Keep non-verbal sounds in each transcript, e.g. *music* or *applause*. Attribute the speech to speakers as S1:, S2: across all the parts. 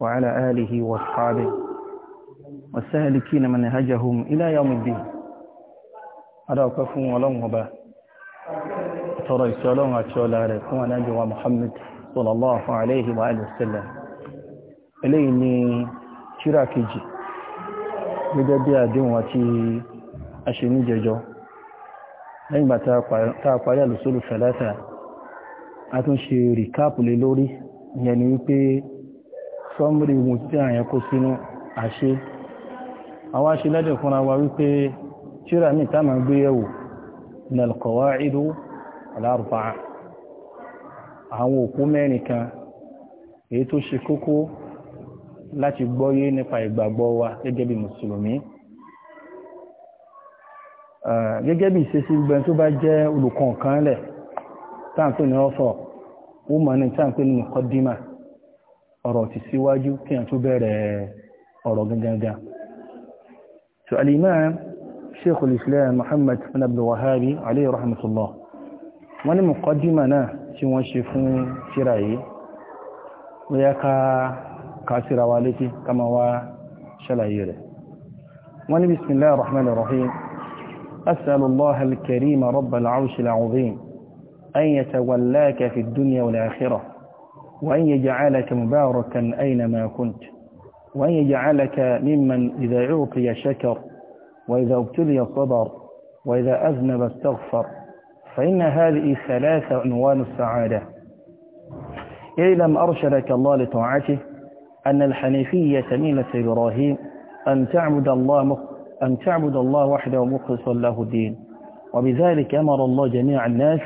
S1: وعلى آله واصحابه والسالكين منهجهم إلى يوم الدين على وقف ولون وبا ترى السلام على رسول الله محمد صلى الله عليه وآله وسلم إليني ni tírà kejì gẹ́gẹ́ bí àdéhùn àti aṣeníjẹjọ lẹ́yìnbà tá a parí àlùsọ́lù fẹ̀lẹ́ta a tún ṣe lórí ìyẹn wípé sọ́mùrì ìwọ̀n tí àyàn kó sínú àṣẹ àwọn aṣe lẹ́dẹ̀ fúnra wa wípé tíra ní ìtàmà gbé yẹ̀wò ní alqawaidu alárùbáà àwọn òkú mẹ́rin kan èyí tó ṣe kókó láti gbọ́yé nípa ìgbàgbọ́ wa gẹ́gẹ́ bí mùsùlùmí gẹ́gẹ́ bí ìṣesí gbẹn tó bá jẹ́ olùkọ̀ọ̀kan lẹ̀ táǹpé ní ọ́fọ̀ ó mọ̀ ní táǹpé ní muqaddimah ọ̀rọ̀ ti síwájú kí a tó bẹ̀rẹ̀ ọ̀rọ̀ gangan so al-imam sheikh al-islam muhammad bin abdul wahabi alayhi rahmatullah wọ́n ní muqaddima náà tí wọ́n ṣe fún tírà yìí ó yá ká kásíra أسأل الله الكريم رب العرش العظيم أن يتولاك في الدنيا والآخرة وأن يجعلك مباركا أينما كنت وأن يجعلك ممن إذا أعطي شكر وإذا ابتلي صبر وإذا أذنب استغفر فإن هذه ثلاثة عنوان السعادة اعلم أرشدك الله لطاعته أن الحنيفية ميلة إبراهيم أن تعبد الله مخ... أن تعبد الله وحده مخلصا له الدين وبذلك أمر الله جميع الناس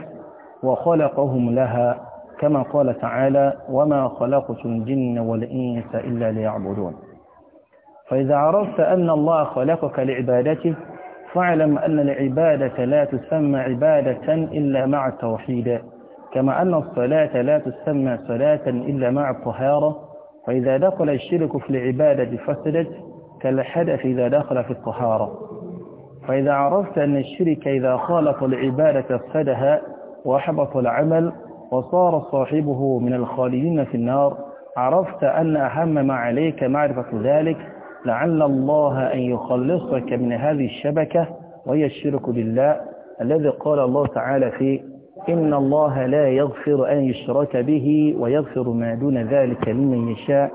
S1: وخلقهم لها كما قال تعالى وما خلقت الجن والإنس إلا ليعبدون فإذا عرفت أن الله خلقك لعبادته فاعلم أن العبادة لا تسمى عبادة إلا مع التوحيد كما أن الصلاة لا تسمى صلاة إلا مع الطهارة فإذا دخل الشرك في العبادة فسدت كالحدث إذا دخل في الطهارة فإذا عرفت أن الشرك إذا خالط العبادة افسدها وأحبط العمل وصار صاحبه من الخالدين في النار عرفت أن أهم ما عليك معرفة ذلك لعل الله أن يخلصك من هذه الشبكة وهي الشرك بالله الذي قال الله تعالى فيه إن الله لا يغفر أن يشرك به ويغفر ما دون ذلك لمن يشاء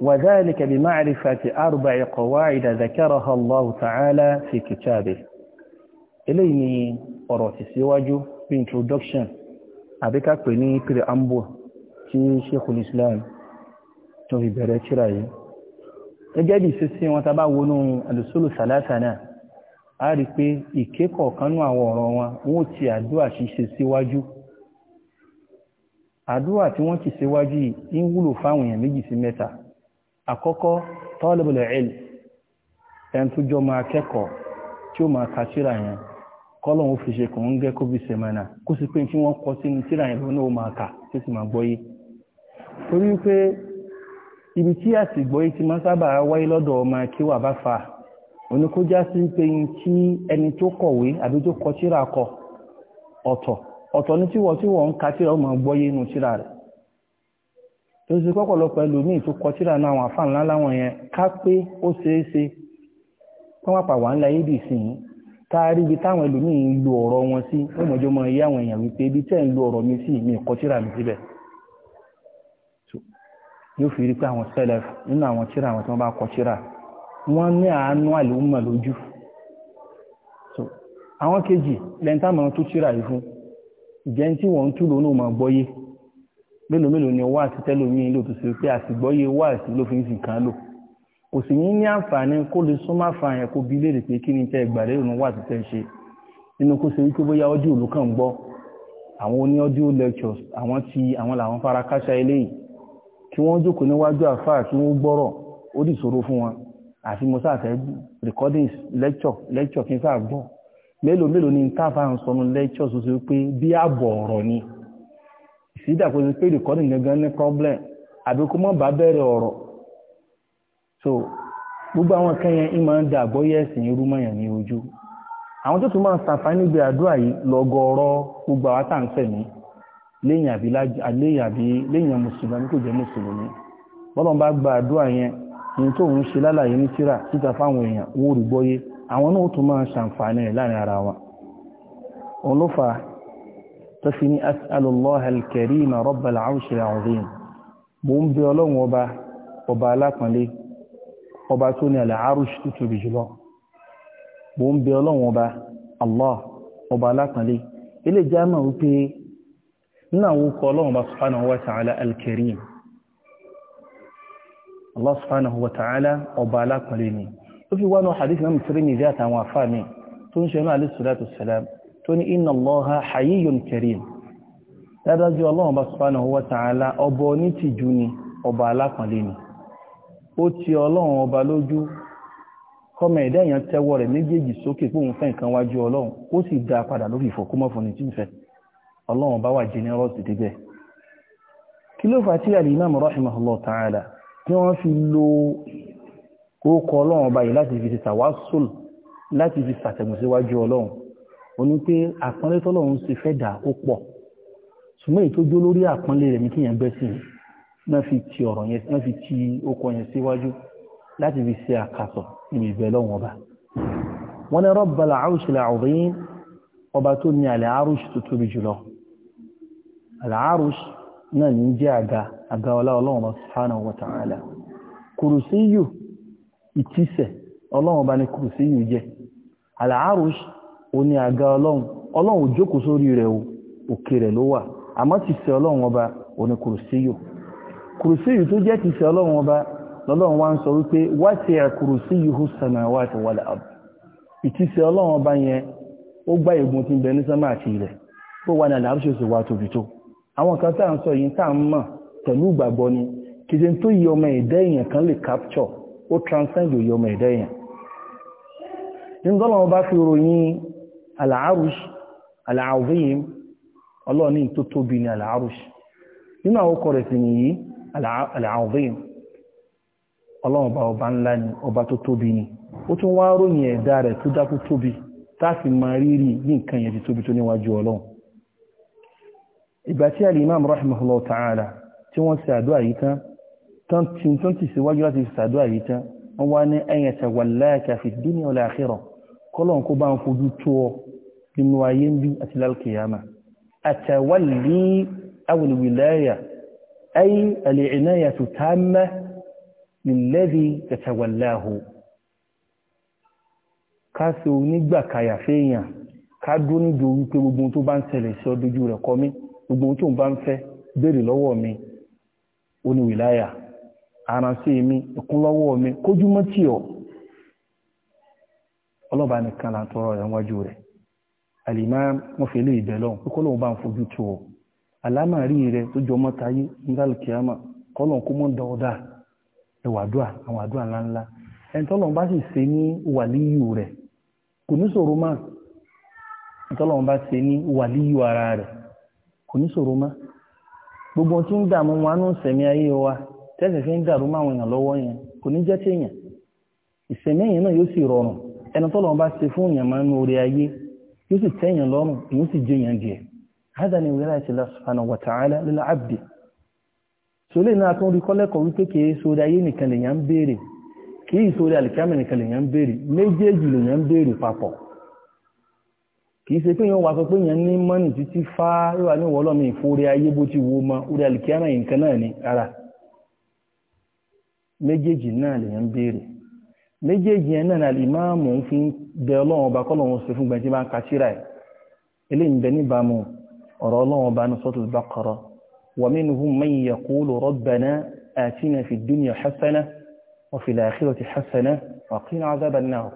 S1: وذلك بمعرفة أربع قواعد ذكرها الله تعالى في كتابه إليني أروتي سواجه بإنترودوكشن àbíká pè ní pèrè ambo tí Sheikhul Islam tó fi bẹ̀rẹ̀ tíra yìí gẹ́gẹ́ bí ìṣesí wọn tá bá wọnú àlùsọ́lù sàlátà náà a rí pé ìké kọ̀ọ̀kanú àwọn ọ̀rọ̀ wọn wọ́n ti àdúrà ṣíṣe síwájú àdúrà tí wọ́n ti síwájú yìí ń wúlò fáwọn èèyàn méjì sí mẹ́ta àkọ́kọ́ talibul ilm ẹni tó jọ máa kẹ́kọ̀ọ́ tí ó máa ka síra yẹn kọ́lọ̀hún fi ṣe kàn ń gẹ́ kó fi ṣe mẹ́nà kó sì pé tí wọ́n kọ sínú tíra ìlú náà máa kà tí sì máa ibi tí ti máa sábà wáyé lọ́dọ̀ ọmọ kíwà bá fa òní sí pé ẹni tó kọ̀wé àbí tó kọ kọ ọ̀tọ̀ ọ̀tọ̀ ní tíwọ́ tí wọ́n ń ka tíra rẹ̀ tó pọ́pọ̀lọpọ̀ ẹlòmíì tó kọ taari ibi táwọn elu ń lo ọ̀rọ̀ wọn sí ó mọ iye àwọn èèyàn wípé ibi tẹ́ ń lo ọ̀rọ̀ mi sí mi kọ́ tíra mi síbẹ̀ yóò fi rí pé àwọn sẹ́lẹ̀f nínú àwọn tíra àwọn tí wọ́n bá kọ́ tíra wọ́n ní àánú àlùmọ̀ lójú àwọn kejì lẹ́ńtà máa tún tíra yìí fún ìjẹ́ tí wọ́n ń tú gbọ́yé mélòó mélòó ni lò tó ṣe pé àsìgbọ́yé ló fi ń kò sì ní ní àǹfààní kó lè súnmọ́ àfààyàn kó bi léèrè pé kí ni tẹ́ gbàlẹ́ ìrùn wà títẹ́ ń ṣe nínú kó ṣe wípé bóyá ọjọ́ òlù kàn gbọ́ àwọn oní audio lectures àwọn ti àwọn làwọn fara káṣá eléyìí kí wọ́n jókòó níwájú àfáà kí wọ́n gbọ́rọ̀ ó dì ṣòro fún wọn àfi mo sáfẹ́ recordings lecture lecture kí n sáà gbọ́ mélòó mélòó ni táfà ń sọnu lectures ó ṣe pé bí ààbọ̀ ọ̀rọ̀ ni ìsídà kò pé recording gangan ní problem àbí kó mọ̀ bá bẹ̀rẹ̀ ọ̀rọ̀ so gbogbo àwọn kan yẹn ń máa ń da àgbọ́yé ẹ̀sìn irú mọ̀yàn ní ojú àwọn tó tún máa ń sàǹfààní gbé àdúrà yìí lọ́gọ́ọ̀rọ̀ gbogbo àwọn tá à ń sẹ̀mí lẹ́yìn àbí àbí mùsùlùmí kò jẹ́ mùsùlùmí bọ́lọ̀ bá gba àdúrà yẹn ìyẹn tó ń àwọn náà tún máa ara òun ló ní ọba ọba alápọ̀nlé ọba tó ní àlẹ́ arúṣ tó tóbi jùlọ mo ń bẹ ọlọ́run ọba allah ọba alápàlẹ́ ilé jámà wípé nínú àwọn okọ̀ ọlọ́run ọba subhanahu wa ta'ala al-karim allah subhanahu wa ta'ala ọba alápàlẹ́ ni ó fi wánú hadith náà mùsùlùmí ní ìdí àtàwọn àfáà mi tó ń ṣe náà alẹ́ sùdátù ní inna ọba subhanahu ni ó ti ọlọ́run ọba lójú kọ́mọ ẹ̀dá èèyàn tẹ́wọ́ rẹ̀ méjèèjì sókè pé òun fẹ́ nǹkan wájú ọlọ́run ó sì dá a padà lórí ìfọ̀kúmọ́ fún ní tí ń fẹ́ ọlọ́run ọba wà generous débẹ̀ kí ló fà tí al-imam rahimahullah ta'ala tí wọ́n fi lo kókọ ọlọ́run ọba yìí láti fi ti tàwásùl láti fi sàtẹ̀gùnsíwájú ọlọ́run ó ní pé àpọ́nlé tọ́lọ́run ṣe fẹ́ dà ó pọ̀ ṣùgbọ́n èyí tó jó lórí àpọ́nlé rẹ̀ ní kíyàn gbẹ́sìn náà fi ti ọ̀rọ̀ yẹn náà fi ti okọ̀ yẹn síwájú láti fi ṣe àkàsọ̀ níbi ìbẹ̀ lọ́wọ́n ọba wọn ni Rabbal Arshil Azim ọba tó ní àlẹ́ àrùsì tó tóbi jùlọ àlẹ́ àrùsì náà ní jẹ́ àga àga ọlá ọlọ́run subhanahu wa ta'ala kùrùsíyù ìtísẹ̀ ọlọ́run ọba ní kùrùsíyù jẹ́ àlẹ́ àrùsì ó ní àga ọlọ́run ọlọ́run jókòó sórí rẹ̀ òkè rẹ̀ ló wà àmọ́ ti sẹ ọlọ́run ọba ó ní kùrùsíyù kùrùsíyù tó jẹ́ ti ṣe ọlọ́run ọba lọ́lọ́run wá ń sọ wípé ihu kursiyuhu samawati wal ard ìtíṣẹ́ ọlọ́run ọba yẹn ó gbá ti bẹ̀ ní ti àti ilẹ̀ wà ní àlàáfíṣòsì wà tóbi tó àwọn kan tá à ń sọ yìí tá à ń mọ̀ pẹ̀lú ìgbàgbọ́ ni tó yí ọmọ ẹ̀dá èèyàn kan lè capture ó transcend nínú àwọn al-azim ọlọ́run ọba ọba ńlá ni ọba tó tóbi ni ó tún wá ròyìn ẹ̀dá rẹ̀ tó dákú tóbi táàfi máa rírì ní nǹkan yẹn ti tóbi tó níwájú ọlọ́run ìgbà tí al-imam rahimahullah ta'ala tí wọ́n ṣe àdúrà yìí tán tán tí tán ti kó bá ń fojú tó ọ nínú ayé ń bí àti lálùkìyàmà àtàwálì awùlùwìláyà أي العناية تامة للذي يتولاه ká ṣe onígbàkàyà fẹ́yàn ká dúró níjò wípé gbogbo tó bá ń ṣẹlẹ̀ sí ọdójú rẹ̀ kọ́ mí gbogbo tó bá ń fẹ́ béèrè lọ́wọ́ mi ó ní wìláyà aránṣẹ́ mi ìkún lọ́wọ́ mi kójúmọ́ tì ọ́ ọlọ́ba nìkan là ń tọrọ rẹ̀ wájú rẹ̀ àlìmá wọn fi lè ìbẹ̀ lọ́hùn pé kó lóun bá ń fojú tó o àlámàrí rẹ tó jọ mọ́ta yé nígbàlù kìámà kọ́lọ̀n kó mọ́ dọ̀ọ́dà ẹwà àdúà àwọn ńláńlá ẹni tọ́lọ̀n bá sì ṣe ní wàlíyù rẹ̀ kò ní sọ̀rọ̀ má ẹni bá ṣe ní wàlíyù ara rẹ̀ kò ní gbogbo tí ń dààmú wọn nù sẹ̀mí wa tẹ́sẹ̀ fi ń dàrú èèyàn lọ́wọ́ yẹn kò ní jẹ́ téèyàn ìsẹ̀mí هذا من ولاية الله سبحانه وتعالى للعبد sólè náà tó ń rí kọ́lẹ́kọ̀ọ́ wípé kìí sórí ayé nìkan lèyàn ń béèrè kìí sórí alìkámẹ́ nìkan lèyàn ń béèrè méjèèjì lèyàn ń béèrè papọ̀ kìí ṣe pé èèyàn wo ma orí alìkámẹ́ nìkan náà ní ara méjèèjì náà lèyàn ń béèrè eléyìí ń bẹ ọ̀rọ̀ ọlọ́run bá ní sọ́tù bákọ̀rọ̀ wa minhum man yaqulu rabbana atina fid dunya hasana wa fil akhirati hasana wa qina adhaban nar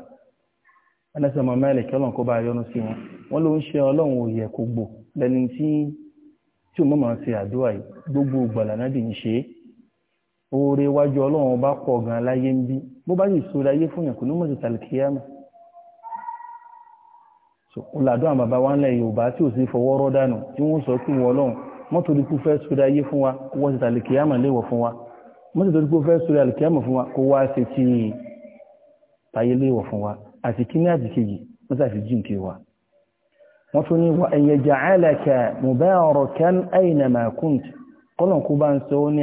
S1: anásẹ̀mọ̀ mẹ́lẹ̀ kí ọlọ́run kó bá yọnu sí wọn wọ́n ló ń ṣe ọlọ́run òye kó gbò lẹ́ni tí tí o mọ̀mọ́ ṣe àdúrà yìí náà dì ń ṣe é oore làdún àwọn bàbá wa ń lẹ̀ yorùbá tí ò sí fọwọ́ rọ́ dànù tí wọ́n sọ kí wọ́n lọ́hùn wọ́n torí kú fẹ́ sórí ayé fún wa wọ́n ti tàlẹ̀ kíyàmà léwọ̀ fún wa wọ́n torí kú fẹ́ sórí àlìkíyàmà fún wa kó wá ṣe ti tayé léwọ̀ fún wa àti kíní àti kejì wọ́n ti jí nké wa. wọ́n tún ní wa ẹ̀yẹ ja'alaka mubarakan aynama kunt kọ́nà kó bá ń sọ ní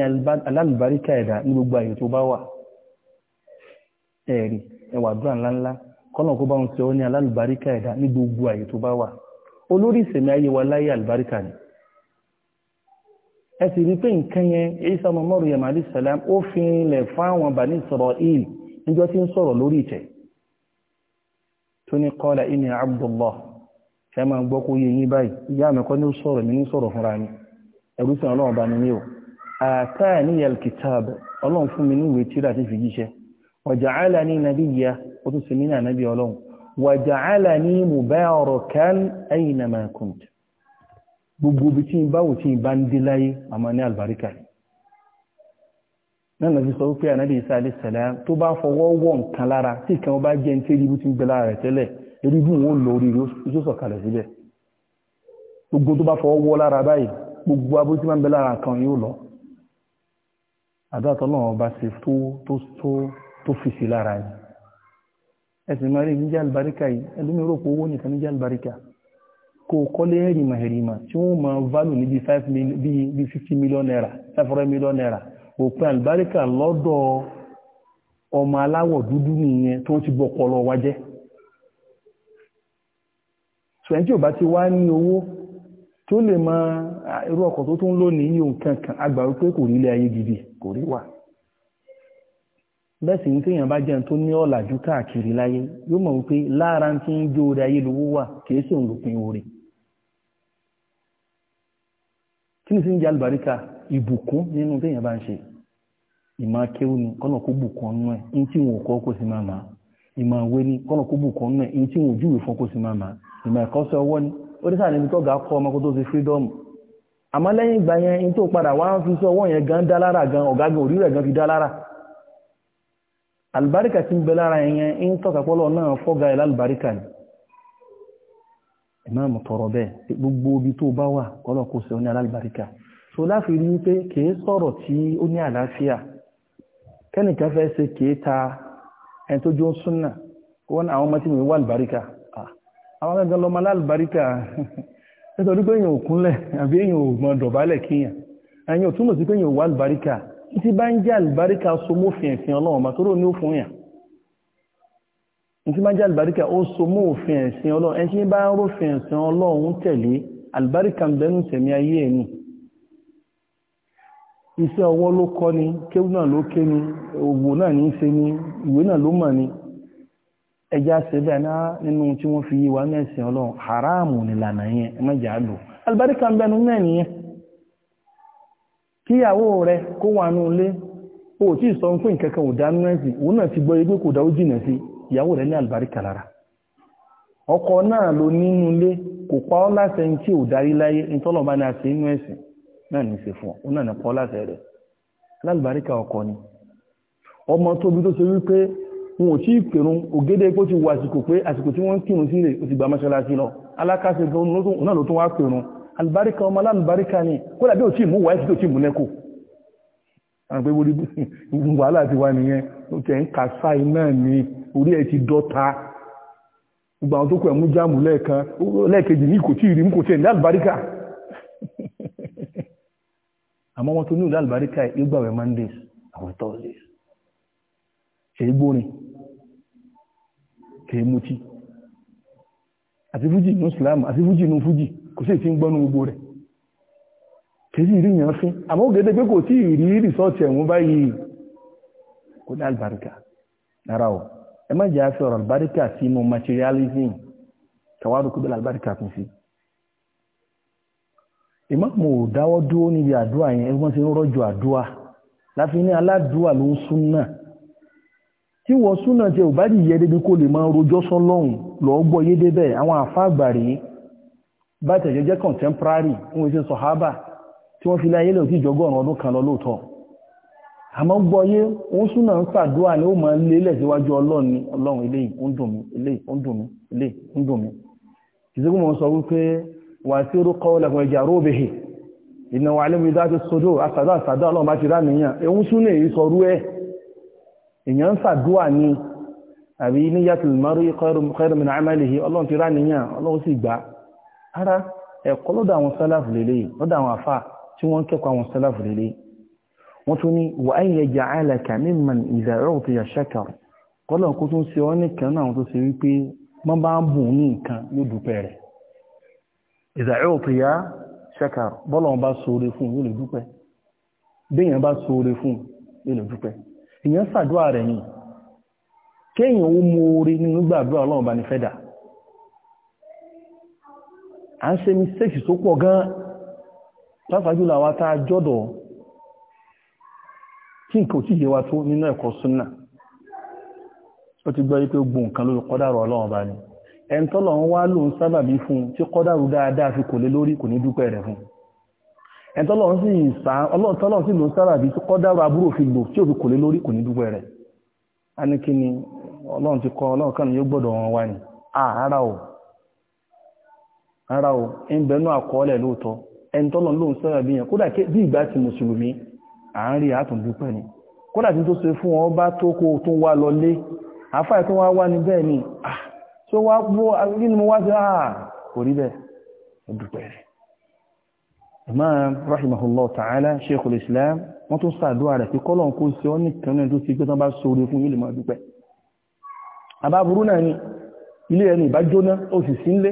S1: alálùbáríkà ẹ̀dá ní gbogbo àyè tó bá wà ẹ̀rí ẹwà àdúrà ńláńlá kọ́nà kó bá ń sọ ní alálùbáríkà ẹ̀dá ní gbogbo àyè tó bá wà olórí ìsẹ̀mí ayé wa láyé àlùbáríkà ni ẹ sì rí pé nǹkan yẹn Isa ọmọ Maryam alayhi salam ó fi ilẹ̀ fáwọn Bani Israil níjọ́ tí ń sọ̀rọ̀ lórí ìtẹ̀ tó ní qala inni Abdullah ṣe máa gbọ́ kó yé yín báyìí ìyá mi kọ́ ní sọ̀rọ̀ mi ní sọ̀rọ̀ fúnra mi ẹ̀rú sí ọlọ́run bá ní o àtàníyà alkitab ọlọ́run fún mi ní ìwé tíra ti fi jíṣẹ́ wa ja'alani nabiyya ó tún ṣe mí ní ànábì ọlọ́run wa ja'alani mubarakan aynama kuntu gbogbo ibi tí n bá wò tí n bá ń dé láyé àmọ́ ní àlùbáríkà ni náà lọ́fi sọ wípé ànábì Isa alayhi tó bá fọwọ́ wọ̀ nǹkan lára tí ìkan bá jẹ́ ní tí eribu ti ń gbẹ lára rẹ̀ tẹ́lẹ̀ eribu wọn lọ orí yóò sọ̀kalẹ̀ síbẹ̀ gbogbo tó bá fọwọ́ wọ́ lára báyìí gbogbo abó tí máa ń bẹ lára kan yóò lọ àdáàtọ̀ náà ọba ṣe tó fi sí lára yìí ẹ̀sìn máa rí níjẹ́ àlùbáríkà yìí ẹlòmíì rò pé owó nìkan níjẹ́ àlùbáríkà kò kọ́lé hẹ̀rìmà hẹ̀rìmà tí wọ́n máa value naira five million naira òpin lọ́dọ̀ ọmọ aláwọ̀ dúdú nìyẹn tó ti bọ̀ ọpọlọ wa jẹ́ tí bá ti wá ní owó tó lè máa irú ọkọ̀ bẹ́ẹ̀ sì ní téèyàn bá jẹun tó ní ọ̀làjú káàkiri láyé yóò mọ̀ wípé lára ń ti ń jó orí ayélujáwó wà kìí sóun orí kí ni sí ń jẹ àlùbáríkà ìbùkún nínú bá ń ṣe ni kọ́nà kó bùkún ọ̀nà ẹ̀ ní tí wọn kọ́ kó máa máa ni kọ́nà kó bùkún ọ̀nà ẹ̀ tí wọn júwèé kó máa máa ẹ̀kọ́ sí ọwọ́ ni ga kọ́ ọmọ ṣe freedom àmọ́ lẹ́yìn ìgbà yẹn ní tó padà wá ń albarika tí ń bẹ lára ẹ̀yẹn ń tọ́ka pọ́lọ̀ náà fọ́gá ẹ̀ lálbarika ni ìmáàmù tọrọ bẹ́ẹ̀ gbogbo ibi tó bá wà kọ́lọ̀ kó sẹ́ ó ní alálbarika so láfi rí pé kìí sọ̀rọ̀ tí ó ní àlàáfíà kẹ́nìkan fẹ́ ṣe kìí ta ẹni tó jó ń súnà wọn àwọn ọmọ tí mi wà albarika àwọn gangan lọ́mọ alálbarika *laughs* nítorí pé èèyàn ò kúnlẹ̀ àbí èèyàn ò mọ dọ̀bálẹ̀ kíyàn ẹ̀yìn ò túmọ̀ sí pé èèyàn ò wà albarika tí bá ń jẹ́ àlùbáríkà so mọ́fin ẹ̀sìn ọlọ́run màtúrò ní ó fún yàn tí bá ń jẹ́ àlùbáríkà ó so mọ́fin ẹ̀sìn ọlọ́run ẹni tí bá ń rófin ẹ̀sìn ọlọ́run tẹ̀lé àlùbáríkà ń bẹnu sẹ̀mí ayé ẹ̀ ni iṣẹ́ ọwọ́ ló kọ́ ni kéwù náà ló ké ni òwò náà ní í ṣe ni ìwé náà ló mọ̀ ni ẹja ṣe bẹ́ẹ̀ náà ah, nínú tí wọ́n fi yí wa ní ẹ̀sìn ọlọ́run haramu nìlànà yẹn ẹ má jà á lò kíyàwó rẹ kó wà ní ilé o tí sọ ń pín kankan ò dánú ẹ̀sì òun náà ti gbọ egbé kò dáwó jìnà sí ìyàwó rẹ ní àlùbáríkà lára ọkọ náà ló nínú ilé kò pa ọ́ láṣẹ ní tí ò darí láyé nítọ́lọ̀ bá ní àṣẹ inú ẹ̀sìn náà ọ òun náà ní pa láṣẹ rẹ lálùbáríkà ọkọ ni ọmọ tóbi tó ṣe wọn ò tí ì pèrún ògédé pé ó ti wọ àsìkò pé àsìkò tí wọ́n ń kírun ó ti mọ́ṣáláṣí albarika ọmọ aláàlùbáríkà ni kódà bí o tí mú wáyé tí o tí mú nẹ́kù àgbẹ̀ orí wàhálà ti wá nìyẹn ó tẹ̀ ń kà sáì náà ni orí ẹ̀ ti dọ́ta gbogbo àwọn tó kù ẹ̀ jáàmù lẹ́ẹ̀kan lẹ́ẹ̀kejì ní kò tí ì rí mú kò tí ì ní albarika *laughs* àmọ́ wọn tó ní albarika yìí gbà wẹ̀ mondays àwọn thursdays ṣe é gbórin ṣe é mutí àti fújì ní islam àti fújì ní fújì kò sí ti ń gbọ́nu gbogbo rẹ̀ kèsì ìrí yàn fín àmọ́ gẹ́gẹ́ pé kò tí ìrí rìsọ́ọ̀tì ẹ̀wọ̀n báyìí kò ní àlùbáríkà rárá o ẹ má jẹ́ àfẹ́ ọ̀rọ̀ àlùbáríkà sínú materialism kàwárò kó bẹ́ẹ̀ àlùbáríkà tún sí ìmáàmù ò dáwọ́ dúró níbi àdúrà yẹn ẹgbọ́n ti ń rọ́jò àdúrà láfi ní aládùúà ló ń súnà tí wọ́n súnà tí ò bá dìyẹ́ débi kó lè máa rojọ́ sọ́lọ́hùn lọ́ọ́ yé débẹ̀ àwọn àfáàgbà rèé bá tẹ̀jẹ́ jẹ́ contemporary wọ́n ṣe ti tí wọ́n fi láyé lè ti jọgọ́rùn ọdún kan lọ lóòtọ́ àmọ́ gbọ́yé wọ́n súnà ń pàdúwà ní ó máa siwaju lélẹ̀ síwájú ọlọ́run ní ilé ìkúndùnmí ilé ìkúndùnmí ilé ìkúndùnmí ìsìnkú mọ̀ sọ wípé wà ọlọ́run ti rá nìyàn ọlọ́run sì ara ẹ̀kọ́ lọ́dọ̀ àwọn sálàfù lélẹ̀ lọ́dọ̀ àwọn àfà tí wọ́n kẹ́kọ̀ọ́ àwọn sálàfù lélẹ̀ wọ́n tún ní wà á yẹ jà áìlàkà mímọ̀ ìdàrọ̀ tó yà ṣẹ́kà kọ́lọ̀ kó tún ṣe ọ́ nìkan náà tó ṣe wípé wọ́n bá ń bùn ní nǹkan yóò dúpẹ́ rẹ̀ ìdàrọ̀ tó yà ṣẹ́kà bọ́lọ̀ bá sóore fún yóò lè dúpẹ́ béèyàn bá sóore fún yóò lè dúpẹ́ èèyàn ṣàdúrà rẹ̀ yìí kéèyàn ó mú oore nínú gbàdúrà ọlọ́run bá ní fẹ́ dà à ń ṣe mistake tó pọ̀ gan láfàájú làwọn ata jọ́dọ̀ tí nǹkan ò tí yé wa tó nínú ẹ̀kọ́ súnnà ó ti gbọ́ yí pé gbogbo nǹkan lórí kọ́dàrú ọlọ́run bá ní ẹn tọ́lọ̀ ń wá lóun sábàbí fún tí dáadáa fi kò lé lórí kò ní dúpẹ́ rẹ̀ fún tọ́lọ̀ sì ọlọ́run sì lóun sábàbí tí fi lò tí ò fi kò lé lórí ara o ń bẹnu àkọọ́lẹ̀ lóòótọ́ ẹni tọ́lọ̀ lóòun sọ́rọ̀ bí yẹn kódà bí ìgbà ti mùsùlùmí à ń rí àtúndúpẹ́ ni kódà tí tó ṣe fún wọn bá tó kó tó wá lọ lé àfáà tó wá wá ní bẹ́ẹ̀ ni tó ah, wá bó rí ni mo wá sí ah kò rí bẹ́ẹ̀ ó dúpẹ́ rẹ̀ imam rahimahullah ta'ala sheikhul islam wọ́n tún sàdúrà rẹ̀ pé kọ́lọ̀ kó ṣe ọ́ nìkan náà tó ṣe pé tán bá sóore fún yìí lè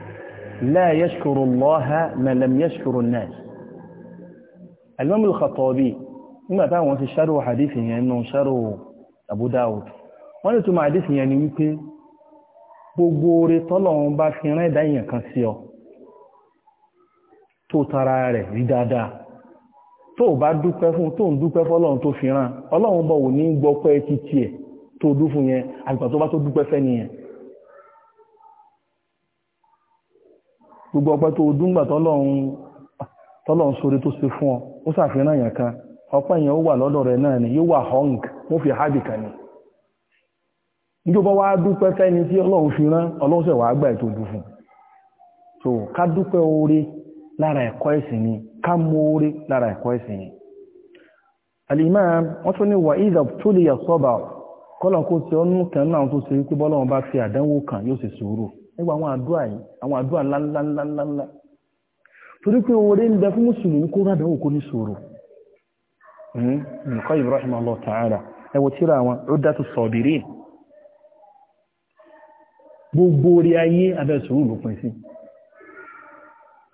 S1: لا يشكر الله من لم يشكر الناس الإمام الخطابي nígbà táwọn ti ṣàrò hadith yẹn nù ṣàrò Abu Dawud wọ́n lè tó máa hadith yẹn ni wípé gbogbo oore tọ́lọ̀un bá fi rán ẹ̀dá èèyàn kan sí ọ tó tara rẹ̀ rí dáadáa tó bá dúpẹ́ fún tó ń dúpẹ́ fọ́lọ́run tó fi rán ọlọ́run bọ̀ wò ní gbọ́pẹ́ títí ẹ̀ tó dú fún yẹn àgbà tó bá tó dúpẹ́ fẹ́ nìyẹn gbogbo ọpẹ́ tó dúngbà tọ́lọ́run sórí tó ṣe fún ọ ó ṣàfihàn èèyàn kan ọpẹ́ èèyàn ó wà lọ́dọ̀ náà ni yóò wà hong fi hábì kan ni níjọba wá dúpẹ́ fẹ́ni tí ọlọ́run fi rán wàá gbà ètò fún so ká dúpẹ́ oore lára ẹ̀kọ́ ẹ̀sìn ni ká mú oore lára ni àlìmá tún ní wà ìdà tó lè yà kan tó ṣe wípé bá fi kan yóò ẹwà àwọn àdúrà yìí àwọn àdúrà la. torí pé oore ń bẹ fún mùsùlùmí kó rádà òkú ní sòrò nǹkan hmm, Ibrahim Allah ta'ala ẹwọ tíra àwọn Uddatu Sabirin gbogbo orí ayé abẹ́ sòrò ló sí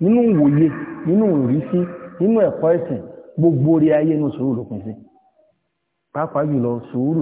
S1: nínú wòye nínú ìrísí nínú ẹ̀kọ́ ẹ̀sìn gbogbo orí ayé nínú sòrò ló sí pàápàá jùlọ sòrò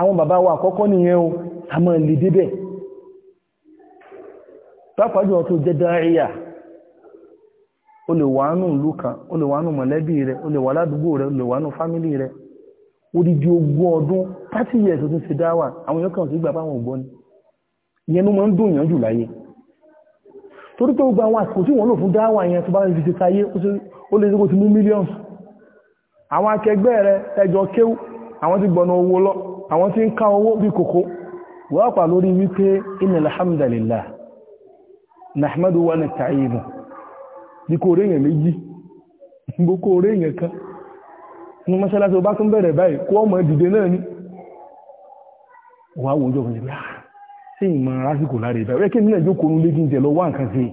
S1: àwọn bàbá wa àkọ́kọ́ nìyẹn o àmọ́ lè débẹ̀ pápá jùlọ tó jẹ́ dáríyà o lè wà nù ìlú kan o lè wà nù mọ̀lẹ́bí rẹ o lè wà ládùúgbò rẹ o lè wà nù fámílì rẹ odidi ogún ọdún thirty years tó tún dáwà àwọn èèyàn kan sí gbà báwọn ògbọ́n ni ìyẹn ló máa ń dùn yàn jù láyé torí pé gbogbo àwọn àsìkò tí wọ́n lò fún dáwà yẹn tó bá fi ṣe sáyé ó lè ṣe kó ti mú mílíọ̀nù àwọn akẹgbẹ́ rẹ ẹjọ́ kéwú àwọn ti gbọ̀nà owó lọ àwọn tí ń ká owó bí kòkó wọ́n pà lórí wípé inna alhamdulillah nahmadu wa nasta'inu bí kò rí méjì bó kò rí kan ní mọ́ṣálásí ọba tún bẹ̀rẹ̀ báyìí kó ọmọ dìde náà ní wà wòjọ́ fún ìgbà sí ah, ìmọ̀ lásìkò láre ìbẹ̀rẹ̀ rẹ̀ kí nínú ìjókòó ní léjìn jẹ̀ lọ wá nǹkan sí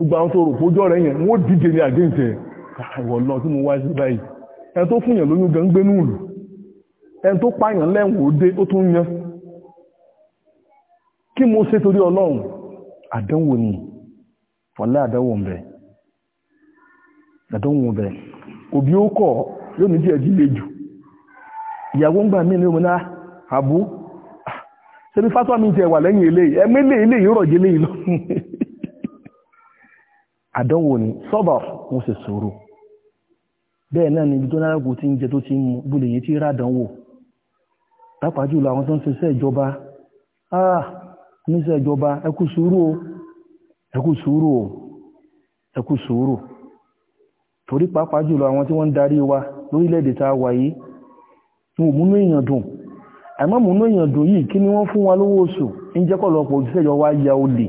S1: gbogbo àwọn tó rò fójọ́ rẹ̀ yẹn wọ́n dìde ní àgéǹtẹ̀ àìwọ̀lọ́ ah, tí mo wá sí báyìí ẹni tó fúnyàn lóyún gan gbé núùlù ẹni tó pààyàn lẹ́wọ̀n òde ó tún kí mo ṣe torí ọlọ́run àdánwò ni wàlá *laughs* àdánwò ni sọ́bọ̀ wọ́n sì sòrò bẹ́ẹ̀ náà ni ibi tó náírà kò ti ń jẹ tó ti ń mu bó lè yé rà dánwò pàápàá jùlọ àwọn tó ń ṣiṣẹ́ ìjọba ah níṣẹ́ ìjọba ẹ kú sùúrù o ẹ kú sùúrù o ẹ kú sùúrù torí pàápàá jùlọ àwọn tí wọ́n ń darí wa lórílẹ̀-èdè tá a wà yìí wọn ò múnú èèyàn dùn àmọ́ múnú èèyàn dùn yìí kí ni wọ́n fún wa lówó oṣù ń jẹ́ kọ̀lọpọ̀ òṣìṣẹ́ ya olè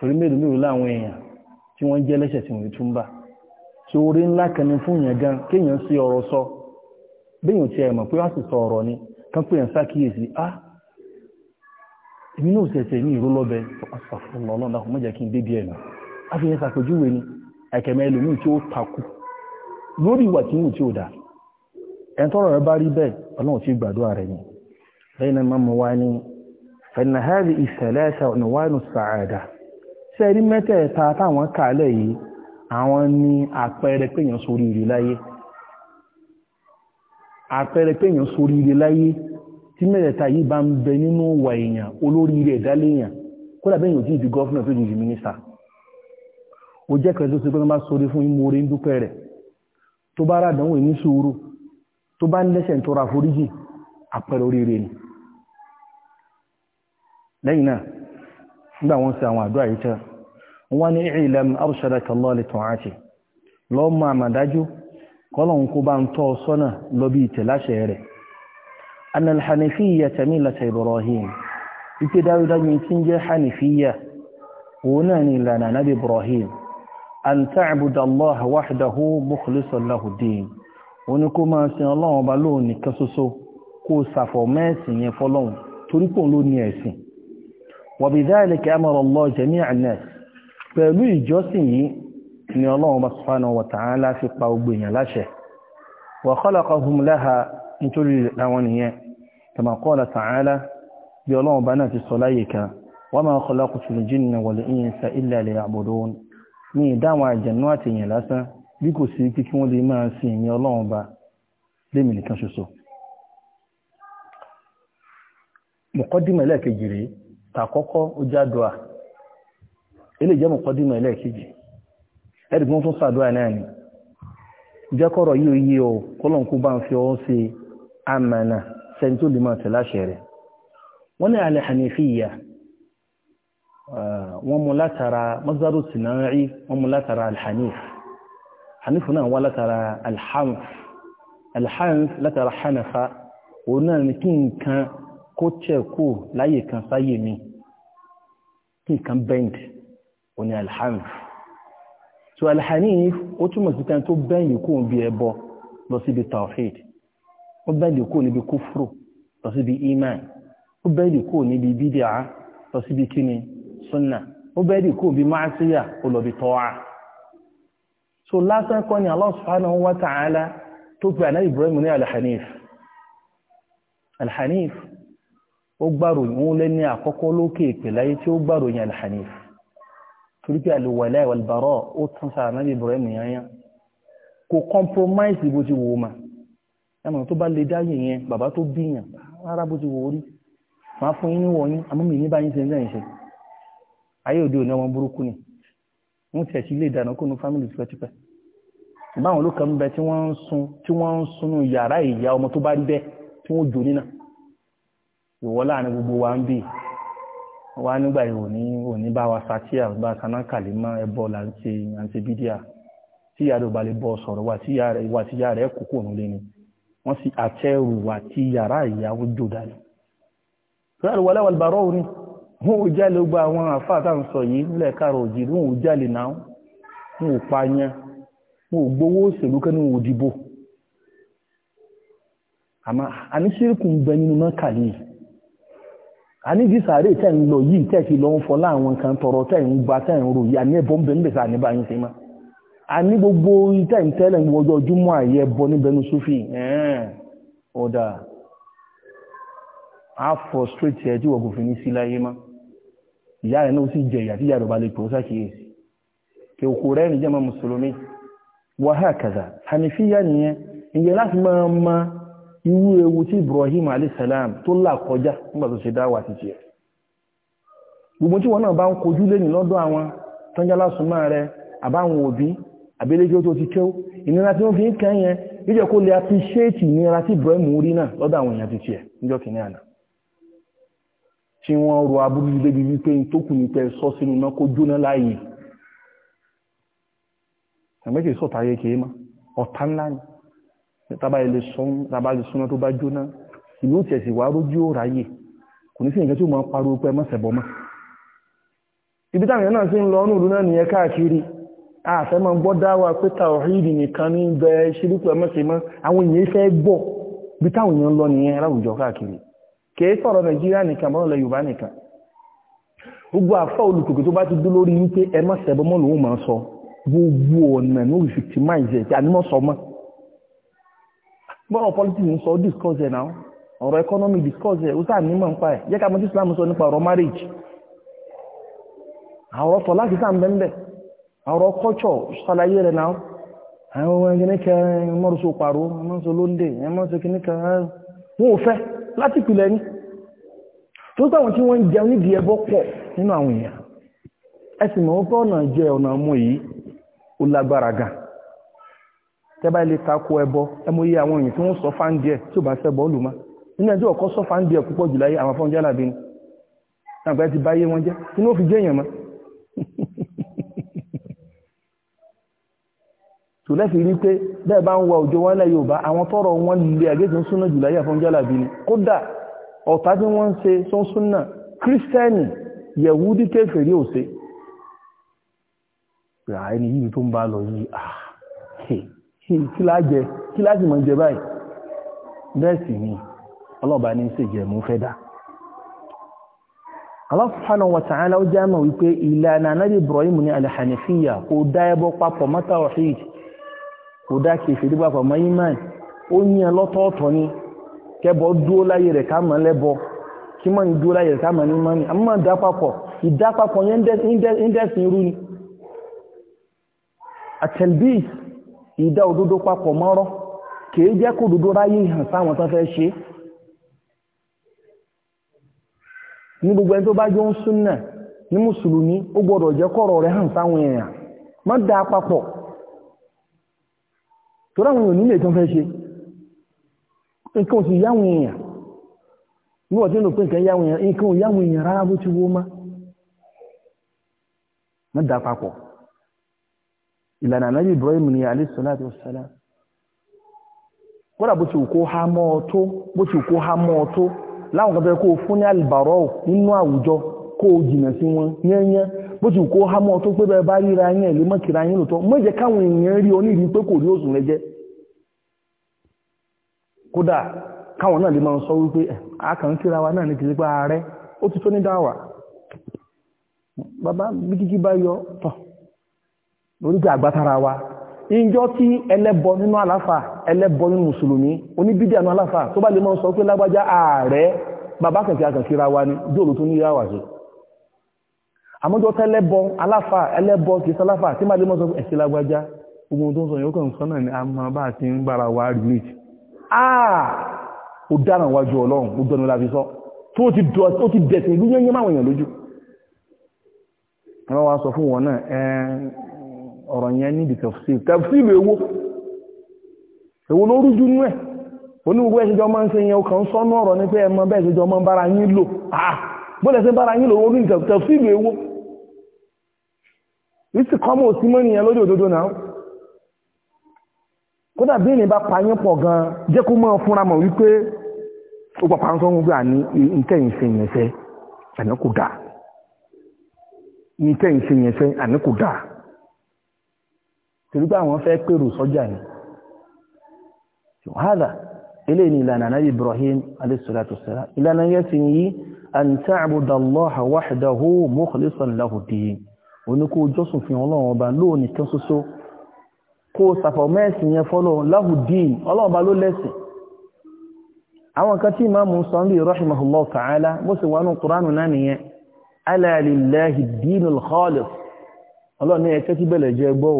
S1: torí mélòó mélòó láwọn èèyàn tí wọ́n jẹ́ lẹ́sẹ̀ tí wọ́n tún bá tí orí ńlá kan fún yẹn gan kéèyàn sí ọ̀rọ̀ sọ béèyàn ti ẹ̀ pé wọ́n sì sọ ọ̀rọ̀ ni kán pé yẹn sákìyèsí á ah, èmi náà ṣẹ̀ṣẹ̀ ní ìró lọ́bẹ̀ ọ̀sàfún ọlọ́run dákun mọ́jà kí n débi àfi yẹn ni àìkẹ̀mẹ́ ẹlòmíì tí ó takú lórí ìwà tí ò tọ́rọ̀ rẹ bá rí bẹ́ẹ̀ ọlọ́run ti gbàdúrà rẹ̀ ni lẹ́yìn náà máa wá ní ìṣẹ̀lẹ̀ ṣàwọn sẹ́rí mẹ́tẹ̀ẹ̀ta táwọn kàálẹ̀ yìí àwọn ni àpẹẹrẹ péyàn ṣoríire láyé àpẹẹrẹ péyàn ṣoríire láyé tí mẹ́tẹ̀ẹ̀ta yìí bá ń bẹ nínú wà èèyàn olóríire ẹ̀dáléèyàn kódà bẹ́yìn òjì di gọ́fúnà tó jìjì mínísà ó jẹ́ kẹrẹ tó ṣe pé wọ́n bá sórí fún imú orí ń dúpẹ́ rẹ̀ tó bá rà dánwò ní sùúrù tó bá ń lẹ́sẹ̀ ń tọrọ àforíjì àpẹẹrẹ oríire ni lẹ́yìn náà nígbà wọn sí àwọn àdúrà yìí tẹ́ wọ́n ní ìlẹ̀m arṣẹ́lẹ̀kà lọ́ọ̀lẹ̀tàn àti lọ́mọ àmàdájú kọ́lọ̀n kó bá ń tọ́ sọ́nà lọ́bí ìtẹ̀láṣẹ́ rẹ̀ annal hanifiyya tamilata ibrahim ike dájúdájú tí ń jẹ́ hanifiyya òun náà ni ìlànà nabi ibrahim an ta'budu allah wahdahu mukhlisan lahu din وبذلك أمر الله جميع الناس pẹ̀lú ìjọsìn yìí ni ọlọ́run bá subhanahu wa ta'ala fi pa ogbò èèyàn láṣẹ wa khalaqahum laha nítorí àwọn nìyẹn kama qala ta'ala bí ọlọ́run bá náà ti sọ láyé kan wa ma khalaqtul jinna wal insa illa liya'budun ní ìdáwọn àjẹ̀nú àti èèyàn lásán bí kò sí kí wọ́n lè máa sin ìyẹn ọlọ́run bá lémi nìkan ṣoṣo mọ̀kọ́dìmọ̀ ẹlẹ́ẹ̀kejì rèé tàkọ́kọ́ ó jádùá ilé ìjẹ́mù kọ́dímọ̀ ẹlẹ́ẹ̀kejì ẹ̀dùgbọ́n tún sàdúrà náà ni jẹ́kọ̀rọ̀ yìí yé o kọ́lọ̀nkú bá ń fi ọwọ́ sí àmàna sẹ́ni tó lè máa tẹ̀ láṣẹ rẹ̀ wọ́n ní alẹ́ hànífìyà ah, wọ́n mú látara mọ́sálù sinari wọ́n mú látara alhanif hanif náà wá látara alhanf alhanf látara hanafa òun náà ní kí nǹkan kó tẹ̀ kó láyè kan sáyè mi kí nǹkan bend òní alhanif so alhanif ó túmọ̀ sí kan tó bẹ́yìn kó bí ẹbọ lọ síbi tawhid ó bẹ́yìn kó níbi kúfúrò lọ síbi iman ó bẹ́yìn kó níbi bídíà lọ síbi kíni sunna ó bẹ́yìn kó bí máṣíyà ó lọ bí tọ́wà so lásán kọ́ ni Allah subhanahu wa ta'ala tó gbà náà Ibrahim ní alhanif alhanif ó gbàròyìn ó lẹ́ni àkọ́kọ́ lókè ìpìláyé tí ó gbàròyìn alhanif torí pé alwala walbara ó tún sáà náà Ibrahim yányá kò compromise bó ti wò ó mà ẹmọ tó bá lè dáyè yẹn bàbá tó bíyàn rárá bó ti wò ó rí máa fún yín níwọ̀ yín àmọ́ mi ní báyìí ṣe ń sẹ́yìn ṣe ayé òde òní ọmọ burúkú ni wọ́n ti ẹ̀sí ilé ìdáná kónú fámìlì tipẹ́tipẹ́ báwọn ló ń bẹ tí wọ́n ń sun tí wọ́n ń sunú yàrá ìyá ọmọ tó bá rí bẹ́ẹ̀ tí wọ́n jò nínà ìwọ láàrin gbogbo wa ń bì wá nígbà yìí òní òní bá wa satia bá saná kàlímà ẹbọ là ń ṣe àǹtí bídíà tí ìyá rẹ̀ ò bá lè bọ́ sọ̀rọ̀ wà tí ìyá rẹ̀ kú kò nílé ni wọ́n sì àtẹ́rù wà tí yàrá ìyàwó jò dànù. sọ́dọ̀ wọlé wàlbàrọ̀ òní wọn ò jálè gba àwọn àfáà tá sọ yìí nílẹ̀ káàrọ̀ òjìrí wọn ò jálè náà wọn ò pa yẹn wọn ò gbowó òṣèlú kẹ́ni wọn ò dìbò àmọ́ àníṣírìkù ń bẹ nínú mọ́kàlì yìí a ní bí sàárè tẹ́ ń lọ yìí tẹ́ fi lọ ń fọlá àwọn kan tọrọ tẹ́ ń gba tẹ́ ń rò yìí àní ẹbọ ń bẹ níbẹ̀ sáà níbà yín sí ma a ní gbogbo tẹ́ ń tẹ́lẹ̀ ń wọjọ́ júmọ́ àyè ẹbọ níbẹ̀nu sófì ọ̀dà a fọ straight ẹ tí wọ́n kò fi ní sí láyé má ìyá rẹ̀ náà sì jẹ ìyá tí ìyá rẹ̀ bá lè pè sàkíyèsí kí òkú rẹ̀ ní jẹ́ mọ́ mùsùlùmí wàhálà kàdà hànífíyà nìyẹn ìyẹn láti máa máa iwu ewu tí Ibrahim alayhisalam tó là kọjá nígbà tó ṣe dáwà ti jẹ gbogbo tí wọn náà bá ń kojú lẹ́nu lọ́dọ̀ àwọn tọ́jálá súnmọ́ rẹ àbáwọn òbí àbẹ́lẹ́jọ́ tó ti kéw ìnira tí wọ́n fi ń kẹ́ yẹn yíjẹ́ kó lè apíṣẹ́ẹ̀tì ìnira tí Ibrahim rí náà lọ́dọ̀ àwọn èèyàn níjọ́ kìíní àná tí wọ́n rọ aburú wípé ní pẹ́ sọ sínú tábà ilé sún tábà ilé súná tó bá jóná ìlú tiẹ̀ sì wá rójú ó ráyè kò ní sí nǹkan tí ó máa pariwo pé mọ́sẹ̀ bọ́ mọ́ ibi táwọn èèyàn náà sì ń lọ ọ́nùlú náà nìyẹn káàkiri àfẹ́ máa gbọ́ dáwà pé tàwọ̀hídì nìkan ní bẹ ṣíríkù ẹmọ́sẹ̀ mọ́ àwọn èèyàn fẹ́ gbọ́ ibi táwọn èèyàn lọ nìyẹn láwùjọ káàkiri kìí sọ̀rọ̀ nàìjíríà nìkan mọ́ lẹ yorùbá nìkan gbogbo àfẹ́ olùkòkò tó bá ti dúró lórí wípé ẹmọ́sẹ̀ bọ́ mọ́ lòun máa sọ gbogbo ọ̀nà ní òfìtì máa ìzẹ̀ ànímọ́sọ mọ́ bọ́rọ̀ politics ń sọ discuss ẹ̀ náà ọ̀rọ̀ economy discuss ẹ̀ ó sáà nímọ̀ nípa ẹ̀ jẹ́ ká mọ̀ tí Islam sọ nípa ọ̀rọ̀ marriage àwọn ọ̀tọ̀ láti sáà ń bẹ́ ń bẹ̀ àwọn culture ṣàlàyé rẹ̀ náà àwọn ọmọ ẹgbẹ́ kẹ mọ́rùsọ pàrọ̀ mọ́rùsọ lóńdè mọ́rùsọ kìíní kan wọn ò fẹ́ láti pìlẹ̀ ní tó sáwọn tí wọ́n ń jẹ onídìí ẹbọ pọ̀ nínú àwọn èèyàn ẹ̀sìn mọ̀ ó fẹ́ ọ̀nà jẹ ọ̀nà mọ̀ yìí ó lágbára gan-an tẹ́bá ilé takò ẹbọ ẹmọ iye àwọn èèyàn tí wọ́n sọ fáńdì ẹ̀ tí ò bá fẹ́ bọ́ lù má nínú ẹjọ́ ọ̀kọ́ sọ fáńdì ẹ̀ púpọ̀ jù láyé àwọn afọ́njẹ́ àlàbí ni àgbà ti báyé wọn jẹ́ kí ni ó fi jẹ́ èèyàn mọ́ *laughs* tò lẹ́fi rí pé bẹ́ẹ̀ bá ń wa òjò wọn lẹ́ Yorùbá àwọn tọrọ wọn lè àgẹ́sìn súnà jù láyé àfọ́njẹ́ àlàbí ni kódà ọ̀tá tí wọ́n ṣe sọ súnà kírísítẹ́nì yìí tó ń bá lọ yìí ah hey kí lájẹ kí láti mọ̀ jẹ báyìí bẹ́ẹ̀ sì ni ala ní ṣèjẹ̀mú fẹ́ dà Allah subhanahu wa ta'ala ó já mọ̀ wípé ìlànà anábì Ibrahim ní alhànífíyà kò dá ẹbọ papọ̀ mọ́ tawhid kò dá kèfèrí papọ̀ mọ́ iman ó yàn lọ́tọ̀ọ̀tọ̀ ni kẹbọ dúó láyé rẹ̀ ká àmọ́ ìdápapọ̀ ìdápapọ̀ yẹn dẹ́sìn irú ìdá òdodo papọ̀ mọ́rọ́ kìí jẹ́ kó òdodo ráyé hàn sáwọn tán fẹ́ ṣe ní gbogbo ẹni tó bá jọ ń súnnà ní mùsùlùmí ó gbọ́dọ̀ jẹ́ rẹ̀ hàn sáwọn èèyàn má da papọ̀ tó ráwọn èèyàn nílé fẹ́ ṣe nǹkan òsì yáwọn èèyàn níwọ̀n tí ó lò pé nǹkan yáwọn èèyàn nǹkan ò èèyàn rárá bó ti wó má má da ìlànà ànábì Ibrahim ni alayhi salatu wassalam kódà bó ti kó ha mọ́ ọ tó bó ti kó há mọ́ ọ tó láwọn kan fẹ́ kó fún ní àlùbárọ́ nínú àwùjọ kó jìnà sí wọn yẹ́nyẹ́ bó ti kó há mọ́ ọ tó pé bá ríra yẹn lè mọ́ kíra yẹn lòótọ́ mọ́ jẹ́ káwọn èèyàn rí ọ lóríkì àgbátara wa ìjọ tí ẹlẹ́bọ nínú aláfà ẹlẹ́bọ nínú mùsùlùmí oníbídíà nínú aláfà tó bá lè mọ́ sọ pé lágbájá ààrẹ bàbá kẹ̀kẹ́ àkàkíra wa ni dóòlù tó níyà wà sí àmọ́jọ́ tẹ́lẹ́bọ aláfà ẹlẹ́bọ kìí sáláfà tí máa lè mọ́ sọ pé ẹ̀sẹ̀ lágbájá ogun tó ń sọ yóò sọ náà ni a máa bá ti ń gbára wa ọ̀rọ̀ yẹn ní di tafsir tafsir èwo èwo ló rújú nú ẹ̀ onígbogbo ẹ̀ṣẹ́jọ́ máa ń ṣe yẹn ọkàn sọ́nú ọ̀rọ̀ ní pé ẹmọ bẹ́ẹ̀ ṣẹjọ́ máa ń bára yín lò ah bọ́lẹ̀ sí bára yín lò ó ní tafsir èwo ìsì kọ́mọ̀ òsì mọ́ nìyẹn lójú òdodo náà kódà bí ènìyàn bá pa yín pọ̀ gan jẹ́ kó máa fúnra mọ̀ wípé ó pàpà ń sọ́wọ́n gbà ní ìtẹ̀yìn ṣe yẹn fẹ́ àná dáa ìtẹ̀yìn ṣe yẹn fẹ́ àná dáa torí pé àwọn fẹ́ pèrò sọ́jà ni ṣùgbọ́n ilé ni ìlànà náà Ibrahim alẹ́sọ̀látọ̀sẹ̀lá ìlànà yẹ́ ti yí an ta'budallaha wahdahu mukhlisan lahu din oníkó jọ́sùn fi ọlọ́run ọba lóòní kan ṣoṣo kó sàfọ̀mẹ́sì yẹn fọ́lọ́run lahu din ọlọ́run ọba ló lẹ́sìn àwọn kan tí ìmáàmù sanbi rahimahullah ta'ala bó ẹ̀kẹ́ tí bẹ̀lẹ̀ jẹ́ gbọ́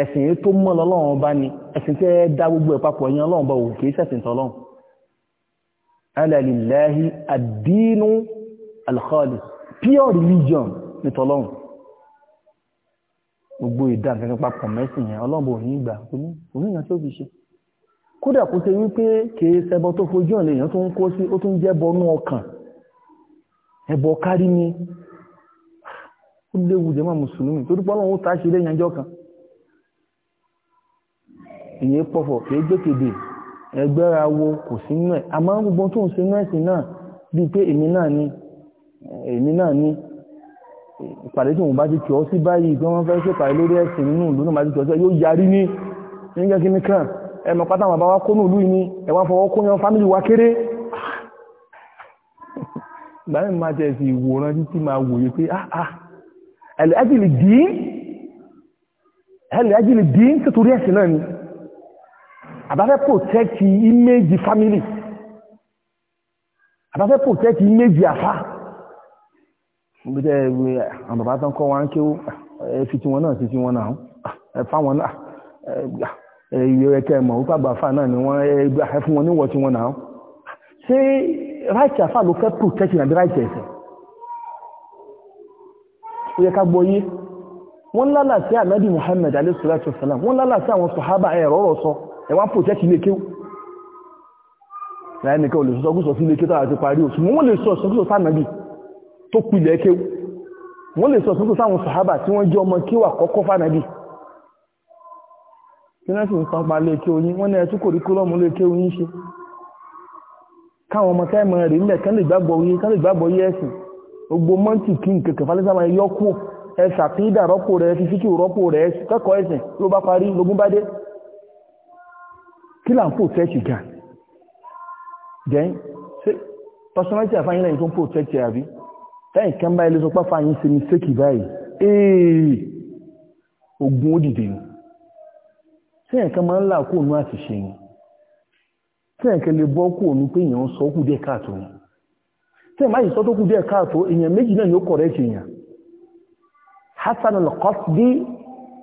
S1: ẹ̀sìn yìí tó mọ́ lọ́lọ́run bá ní ẹ̀sìn tẹ́ dá gbogbo ẹ̀ papọ̀ yẹn ọlọ́run bá wò kìí ṣẹ̀sìn tọ́lọ́run ala lillahi ad pure religion ní tọ́lọ́run gbogbo ìdá nǹkan papọ̀ mẹ́sìn yẹn ọlọ́run bò ní gbà oníyàn tó fi ṣe kódà kó ṣe wípé kìí ṣẹbọ tó fojú ọ̀nà èèyàn tó ń kó sí ó tún jẹ́ bọnú ọkàn ẹbọ kárí ni ó léwu jẹ́ mọ́ mùsùlùmí torí pé ó ta ṣe lẹ́yìn ọjọ́ kan èyí pọ̀fọ̀ kìí gbékèdè ẹgbẹ́ra wo kò sí mẹ́ àmọ́ gbogbo tó ń ṣe mẹ́sì náà bíi pé èmi náà ni èmi náà ni ìpàdé tí òun bá ti tọ́ sí báyìí pé wọ́n fẹ́ ṣe pàdé lórí ẹ̀sìn nínú ìlú náà bá ti tọ́ sí yóò yarí ní nígbà kí nìkan ẹmọ pátá àwọn àbáwá kó nílùú ni ẹwà fọwọ́ kó yan fámìlì wa kéré ìgbà mi máa tẹ̀ sí ah ah ẹ̀lẹ́jìlì dín ẹ̀lẹ́jìlì dín nítorí ẹ̀sìn náà ni àbáfẹ́ protect image the family àbáfẹ́ protect image the àfá gbẹ́gbẹ́ ẹgbẹ́ àwọn bàbá tán kọ́ wọn kí ó fi tí wọn náà sí tí wọn náà fáwọn náà ẹ̀kẹ́ mọ̀ ó pàgbà fà náà ni wọ́n ẹgbẹ́ fún wọn níwọ̀ tí wọn náà ṣé right àfá ló fẹ́ protect àbí right ẹ̀sẹ̀ ó yẹ ká gbọ́ yé wọ́n lálàá sí ànábì Muhammad alayhi salatu wasalam wọ́n lálàá sí àwọn sọ̀hábà ẹ̀rọ ọ̀rọ̀ sọ ẹwà protect ilé kéwù láì nìkan ò lè sọ́sọ́gúsọ sí ilé kéwù tààrà ti parí oṣù wọ́n lè sọ́sọ́gúsọ sánàbì tó pilẹ̀ kéwù wọ́n lè sọ́sọ́gúsọ sáwọn sàhábà tí wọ́n jẹ́ ọmọ kéwà kọ́kọ́ fánàbì kí wọ́n sì ń pampa lé kéwù yín wọ́n ní ẹtú kòríkúlọ́mù lé kéwù yín ṣe káwọn ọmọ táìmọ̀ rẹ̀ nílẹ̀ kán lè gbàgbọ́ yé kán lè gbàgbọ́ yé ẹ̀sìn gbogbo mọ́ǹtì kí nkẹ̀kẹ̀ falẹ́sàmà yọkù ẹ̀sà tí ìdà rọ́pò rẹ̀ fífíkì rọ́pò rẹ̀ kẹ́kọ̀ọ́ ẹ̀sìn ló bá parí lógún bá dé kí là ń protect ga then ṣe personality àfáyín lẹ́yìn tó ń protect àbí tẹ́yìn kan báyìí ló sọ pé àfáyín ṣe mistake báyìí ee ogun ó dìde ni tẹ́yìn kan máa ń là kó òun àti ṣe ni tẹ́yìn kan lè bọ́ kó òun pé èèyàn ń sọ kù díẹ̀ káàtó ni tẹ́yìn máa yìí sọ tó kù díẹ̀ káàtó èèyàn méjì náà ni ó correct èèyàn hasan al-qasdi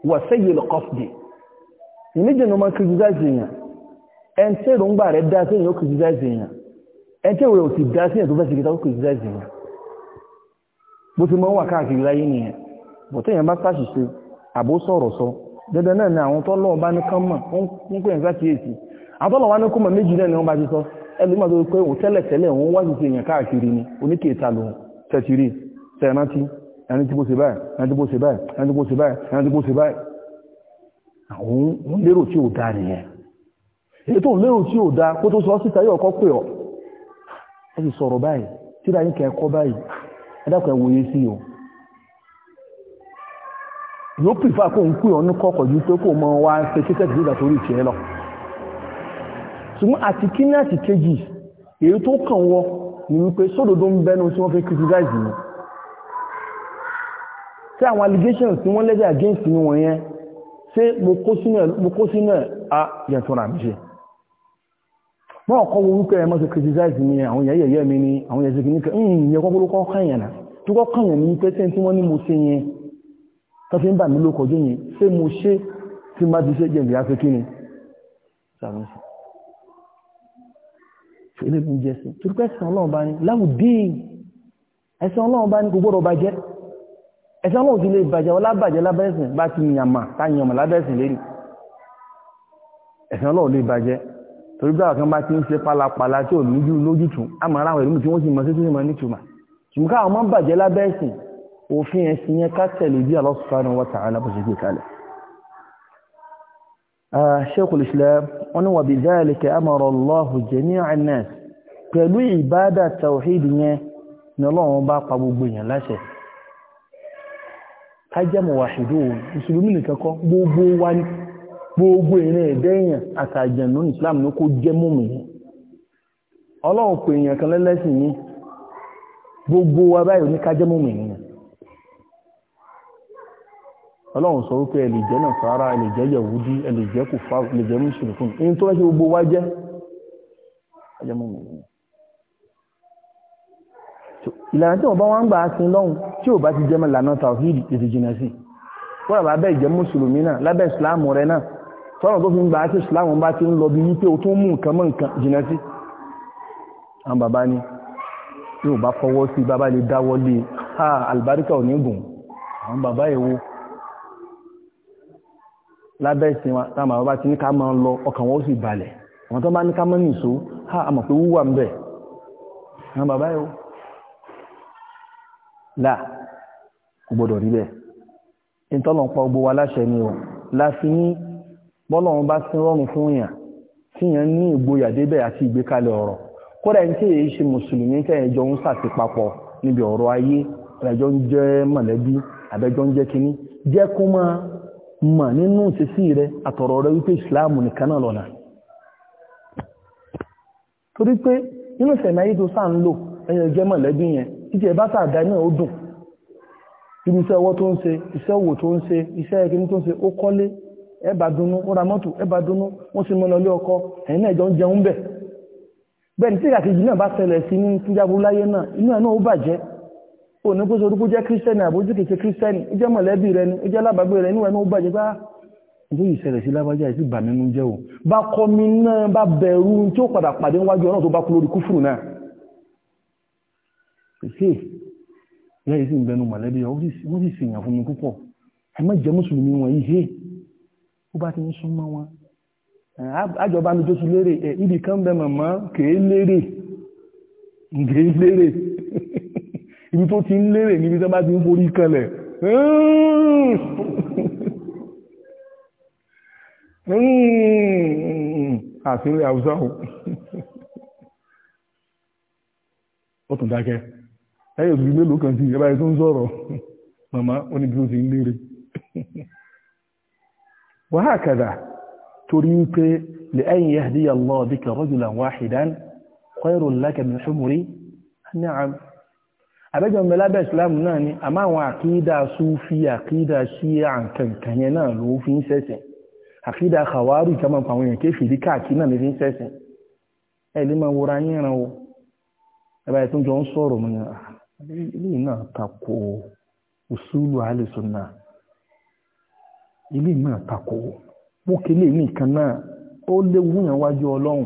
S1: wa sayyi al-qasdi ni wọ́n máa ń criticize èèyàn ẹn tí èròǹgbà rẹ̀ dá sí èèyàn ó criticize èèyàn ẹn tí èrò ti dá sí èèyàn tó fẹ́ ṣèkítà ó criticize bó ti mọ́ wà káàkiri láyé nìyẹn bó téèyàn bá ṣàṣìṣe àbó sọ̀rọ̀ sọ dandan náà ni àwọn tọ́lọ́ bá ní kán mọ̀ ń pè nígbà kíyèsí àwọn tọ́lọ́ wá ní kó mọ̀ méjì náà ni wọ́n bá ti sọ ẹlòmíà tó pé òun tẹ́lẹ̀ tẹ́lẹ̀ òun wá ṣiṣẹ́ èèyàn káàkiri ni oníkèéta lòun tẹ̀sírí tẹ̀rántí ẹni tí bó ṣe báyìí ẹni tí bó ṣe báyìí ẹni tí bó ṣe báyìí ẹni tí bó ṣe báyìí àwọn lérò tí ò dáa nìyẹn èyí tó lérò tí ò da kó tó sọ síta yóò kọ́ pè ọ́ ẹ sì sọ̀rọ̀ báyìí tí ra yín kẹ́ ẹ̀kọ́ báyìí ẹ̀dàkọ̀ ẹ̀wòye sí o yóò pìfà kó ń pè ọ́ ní kọ́kọ̀ ju pé kó mọ wá ṣe kí tẹ̀sí ìgbà torí ìtì ẹ lọ ṣùgbọ́n àti kíní àti kejì èyí tó kàn wọ ni wípé sódodo ń bẹnu tí wọ́n fi criticize mi tí àwọn allegations tí wọ́n lẹ́jẹ̀ against mi wọ̀nyẹn ṣé mo kó sínú ẹ̀ a yẹn tó rà mí ṣe wọ́n kọ́ orúkọ ẹmọ́ sí criticize ní àwọn ìyá yẹ̀yẹ́ mi ní àwọn ìyẹ̀sẹ̀ kìíní kan hmm, ìyìn yẹ kọ́kọ́ lókọ́ kàyànà tó kọ́ kàyàn ní pẹ́tẹ́ tí wọ́n ní mo ṣe yẹn tó fi ń bà mí lókọ̀ jẹ́ yẹn ṣé mo ṣe tí má ti ṣe jẹ́ ìyá fẹ́ kíni ṣẹlẹ́bùn jẹ́ sí torí pé ẹ̀sìn ọlọ́run bá ní ẹ̀sìn ọlọ́run lè bàjẹ́ torí bí àwọn kan bá ti ń ṣe pálapàla tí ò lójú lójútùú àmọ́ ara àwọn ìlú tí wọ́n sì mọ sí sísè mọ nítumọ̀ ṣùgbọ́n káwọn máa ń bàjẹ́ lábẹ́ ẹ̀sìn òfin ẹ̀sìn yẹn ká tẹ̀lé bí Allah subhanahu wa ta'ala bó ṣe gbé kalẹ̀. Sheikhul Islam wọn ni wà bí dhalika amara Allahu jami'a an-nas pẹ̀lú ìbádà tawhid yẹn ni ọlọ́run bá pa gbogbo èèyàn láṣẹ. ká jẹ́ muwahhidun mùsùlùmí nìkan kọ́ gbogbo ìrìn ẹ̀dẹ́ èèyàn àtàjẹ̀nú islam ní kó jẹ́ mùmí ọlọ́run pè èèyàn kan lẹ́lẹ́sìn ní gbogbo wa báyìí ní ká jẹ́ mùmí èèyàn ọlọ́run sọ wípé ẹ̀lì jẹ́ náà sára ẹ̀lì jẹ́ yẹ̀wúdí ẹ̀lì jẹ́ kò fá ẹ̀lì jẹ́ mùsùlùmí èyí tó rẹ́sẹ̀ gbogbo wa jẹ́ ajẹ́ mùmí èèyàn ìlànà tí wọ́n bá wọ́n ń gbà á sin lọ́hùn tí ò bá ti jẹ́ mọ́ ìlànà tàwíìdì sí wọ́n bá bẹ́ẹ̀ jẹ́ mùsùlùmí náà lábẹ́ ìsìláàmù rẹ náà tọ́nà tó fi ń gbà tí ìsìláàmù bá ti ń lọ bí wípé o tún mú nǹkan mọ́ nǹkan jìnà sí àwọn bàbá ní yóò bá fọwọ́ sí bàbá lè dáwọ́ lé e. ha àlùbáríkà ò ní gùn àwọn bàbá èwo lábẹ́ ìsìn wa táwọn bàbá ti ní ká máa lọ ha àmọ̀ pé wúwà ń bẹ̀ àwọn bàbá èwo là kò gbọdọ̀ rí bẹ́ẹ̀ láfi ní bọ́lọ̀ wọn bá sí rọrùn fún yàn tí yàn ní ìgboyà débẹ̀ àti ìgbékalẹ̀ ọ̀rọ̀ kódà ní tí èyí ṣe mùsùlùmí tẹ̀yìn jọ ń sàtìpapọ̀ níbi ọ̀rọ̀ ayé ẹ̀jọ́ ń jẹ́ mọ̀lẹ́bí àbẹ́jọ́ ń jẹ́ kínní jẹ́ kó máa mọ̀ nínú rẹ àtọ̀rọ̀ rẹ wípé ìsìláàmù nìkan náà lọ́nà torí pé nínú ayé tó ń lò mọ̀lẹ́bí yẹn títí ẹ bá náà ó dùn ibi iṣẹ́ ọwọ́ tó ẹbà dunú wọ́n ra mọ́tò ẹbà dunú wọ́n sì mọ́nà ilé ọkọ ẹ̀yìn náà ìjọ ń jẹun bẹ̀ bẹ́ẹ̀ ni tí ìkàkejì náà bá ṣẹlẹ̀ sí ní kíjábú láyé náà inú ẹ̀ náà ó bàjẹ́ ò ní kó sọ orúkú jẹ́ kírísítẹ́nì àbójú kìí ṣe kírísítẹ́nì ó jẹ́ mọ̀lẹ́bí rẹ ni ó jẹ́ alábàgbé rẹ inú ẹ̀ náà ó bàjẹ́ bá ìlú ìṣẹ̀lẹ̀ sí lábájá ìsí bà mínú jẹ́ o bá kọ́ mi náà bá bẹ̀rù tí ó padà pàdé wájú ọ̀nà tó bá kú lórí kúfùrù náà ẹ ó bá ti ń súnmọ́ wọn àjọba mi tó ti lérè ẹ̀ ibì kan bẹ mọ̀mọ́ kèé lérè kèé lérè *laughs* ibi tó ti ń lérè níbi tó bá ti ń forí kanlẹ̀ àfihàn hmm. hmm. àwùjọ *laughs* ó tún dákẹ́ ẹ̀yọ̀ òbí mélòó kan sí ìjọba ẹ̀ tó ń sọ̀rọ̀ *laughs* màmá ó ní bí ó ti ń lérè وهكذا تريد لأن يهدي الله بك رجلا واحدا خير لك من حمر النعم àbẹ́jọ mẹ́lábẹ́ islam náà ni àmọ́ àwọn àkídà súfí àkídà ṣíà nǹkan yẹn náà ló fi ń ṣẹ̀sìn àkídà kàwárù ìjọba àwọn èèyàn kéfìrí káàkiri náà ló fi ń ṣẹ̀sìn ẹ lè máa wọra yín ẹran o ẹ̀bá ìtúnjọ ń sọ̀rọ̀ mọ́ ni ilé náà takò usulu ahlu sunnah ilé náà takò mú kílé nìkan náà ó léwu yàn wájú ọlọ́run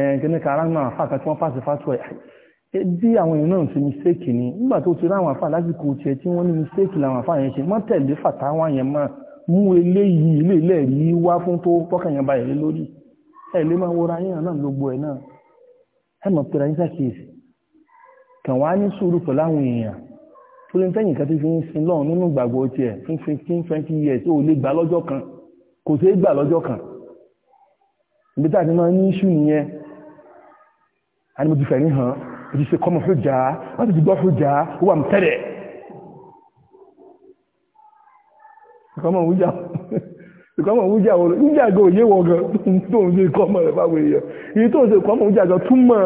S1: ẹ̀ẹ́dẹ́gbẹ́ kára náà fàkà tí wọ́n fàṣẹ fàṣọ ẹ̀ bí àwọn èèyàn náà ṣe mistake ni nígbà tó ti ráwọn àfà lásìkò tiẹ̀ tí wọ́n ní mistake làwọn àfà yẹn ṣe má tẹ̀lé fàtàwọn yẹn máa mú eléyìí ilé ilẹ̀ yìí wá fún tó tọ́kàn yẹn ba èrè lórí ẹ̀ lè máa wọra yẹn náà gbogbo ẹ̀ náà ẹ̀ mọ̀ pé ra yín sàkíyèsí kàn wá ní sùúrù pẹ̀lú àwọn èèyàn torí tẹ́yìn kan ti fi ń sin lọ́run nínú ìgbàgbọ́ tiẹ̀ fún fifteen twenty years ó lè gbà lọ́jọ́ kan kò sí gbà lọ́jọ́ kan ibi tá a ti máa ní iṣu nìyẹn a ní mo ti fẹ̀rí hàn mo ti ṣe kọ́mọ fújà wọ́n ti ti gbọ́ fújà ó wà mùtẹ́rẹ̀ kọ́mọ wújà kọ́mọ wújà wọ́n wújà gan òye wọ̀ gan tó ń ṣe kọ́mọ rẹ̀ báwo èèyàn èyí tó ń ṣe kọ́mọ wújà gan túmọ̀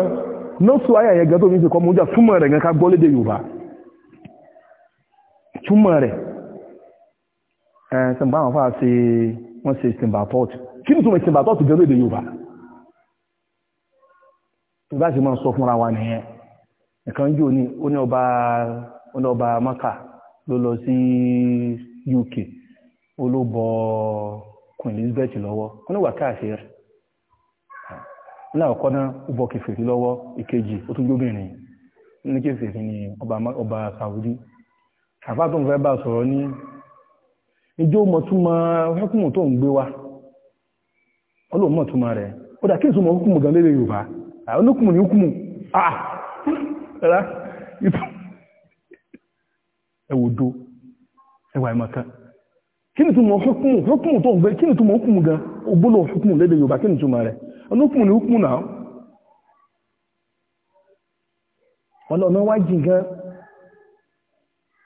S1: náà ayẹyẹ gan tó ń ṣe kọ́mọ wújà túmọ̀ rẹ̀ gan ká gbọ́ lédè Yorùbá túmọ̀ rẹ̀ ẹ̀sìnbá àwọn fáà ṣe wọ́n ṣe ìsìnbà tọ́ọ̀tù kí ni túnmọ̀ ìsìnbà tọ́ọ̀tù gẹ́gẹ́ èdè Yorùbá tó bá ṣe máa sọ fúnra wa nìyẹn nìkan jò ní ó Maka ló lọ sí UK ó ló Queen Elizabeth lọ́wọ́ ó ní wàkà àṣẹ rẹ̀ láàkọ́ náà ó bọ kẹfẹ́rí lọ́wọ́ ìkejì ó tún gbóbìnrin ní kẹfẹ́rí ní ọba Saudi àfá tó ń fẹ́ bá sọ̀rọ̀ ní ìjọ mọ̀túnmọ̀ hukumu tó ń gbé wa ọlọ́mọ̀túnmọ̀ rẹ̀ ó dà kí ìsúnmọ̀ gan lélẹ̀ Yorùbá olókùnmù ní hukumu àà rárá ẹwà ìmọ̀kan kí ni túnmọ̀ hukumu gan ogbólò hukumu lélẹ̀ Yorùbá kí ni túnmọ̀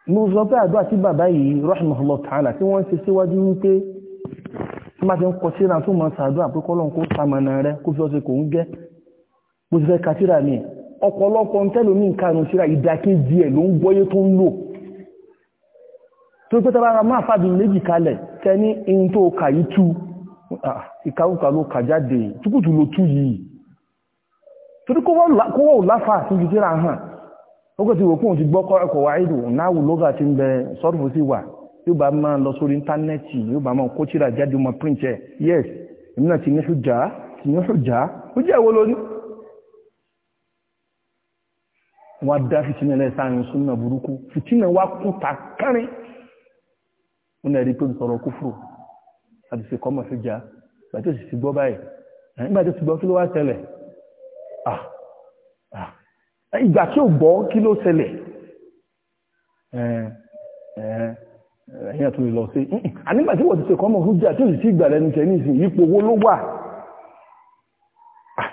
S1: mo sọ pé ati baba yi yìí ta'ala tí wọ́n ń ṣe síwájú wípé tí máa ti ń kọ síra tó máa fi kò ń gẹ́ bó ti ka mi ọ̀pọ̀lọpọ̀ ń tẹ́lò ní nǹkan àrùn síra ìdákéjì ẹ̀ ló ń gbọ́yé tó ń lò tó pé máa fàbí méjì kalẹ̀ tó kà tú ah, ìkàwùkà ló kà jáde ló tú yìí ó kò ti wò kóhun ti gbọ́ ẹ̀kọ́ wa ìlú náwó lọ́gà ti ń bẹ sọ́rùfù sí wà yóò bá máa lọ sórí íńtánẹ́ẹ̀tì yóò bá máa kó tíra jáde ọmọ print ẹ̀ yes èmi náà ti ní ṣùjá ti ní ṣùjá ó jẹ́ ìwọ lóní. wọ́n á dá fìtínà lẹ́ sáàrin súnmọ́ burúkú fìtínà wá kún ta kárin ó náà rí pé ń sọ̀rọ̀ kúfùrù àti ṣe kọ́mọ̀ ṣùjá gbàtí ó sì ti gbọ́ báyìí ah ah ìgbà tí ò gbọ́ kí ló ṣẹlẹ̀ ẹ̀yìn àtúnlè lọ sí ànígbà tí wọ́n ti ṣe kọ́mọ̀ hújá tí ò sì gbà lẹ́nu tẹ̀ ní ìsìn ipò owó ló wà ah,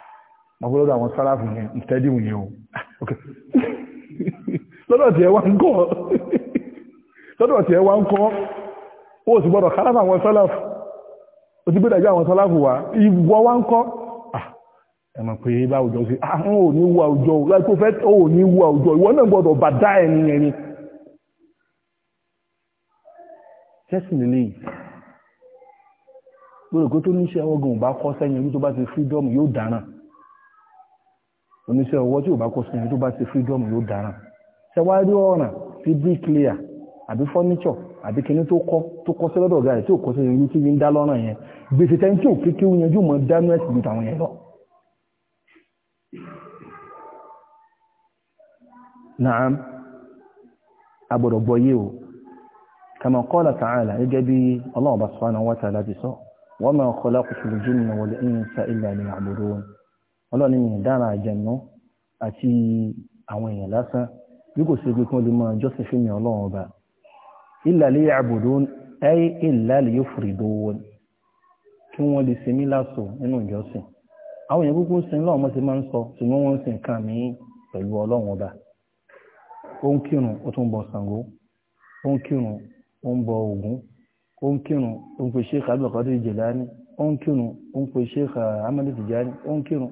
S1: mọ́gbọ́lọ́dọ̀ àwọn sáráfù yẹn ìtẹ́dì wùnyẹn o ah, *laughs* lọ́dọ̀ tí ẹ wá ń kọ́ lọ́dọ̀ tí ẹ wá ń kọ́ ó sì gbọ́dọ̀ sáráfù àwọn sáráfù ó ti gbé dàjú àwọn sáráfù wa ìwọ ẹ̀mọ̀ pé bá òjò sí àwọn ah, ò ní wà òjò láìpò fẹ́ ò ní wà òjò ìwọ náà gbọ́dọ̀ bà dá ẹni ẹni tẹ́sìn lè lórí pé tó níṣẹ́ ọwọ́ gan bá kọ́ sẹ́yìn orí tó bá ti freedom yóò dáràn oníṣẹ́ ọwọ́ tí ò bá kọ́ sẹ́yìn orí tó bá ti freedom yóò dáràn ṣẹwárí ọ̀ràn sí bricklayer àbí furniture àbí kíní tó kọ́ tó kọ́ sẹ́lọ́dọ̀ ọ̀gá rẹ̀ tí ò kọ́ sẹ́yìn orí tí ń dá lọ́ràn yẹn gbèsè tẹ́ńtì òkèké yẹn yóò mọ dánú ẹ̀sìn ju tàwọn yẹn lọ. na'am agbọ́dọ̀ gbọ́yé o kama qala ta'ala gẹ́gẹ́ bí Allah subhanahu wa ta'ala ti sọ wa ma khalaqtul jinna wal insa illa liya'budun ọlọ́ni mi dára àjẹ̀nú àti àwọn èèyàn lásán bí kò sí gbígbọ́n lè máa jọ́sìn fún mi ọlọ́run ọba kí wọ́n lè mí nínú ìjọsìn àwọn èèyàn kúkú sin lọ́wọ́ wọ́n ti máa ń sọ ṣùgbọ́n wọ́n ń sin nǹkan míì pẹ̀lú ọlọ́run ọba ó ń kírun ó tún bọ Ṣàngó ó ń kírun ó ń bọ Ògún ó ń kírun ó ń pe Sheikh Abdulkadir Jelani ó ń kírun ó ń pe Sheikh Ahmadu Tijani ó ń kírun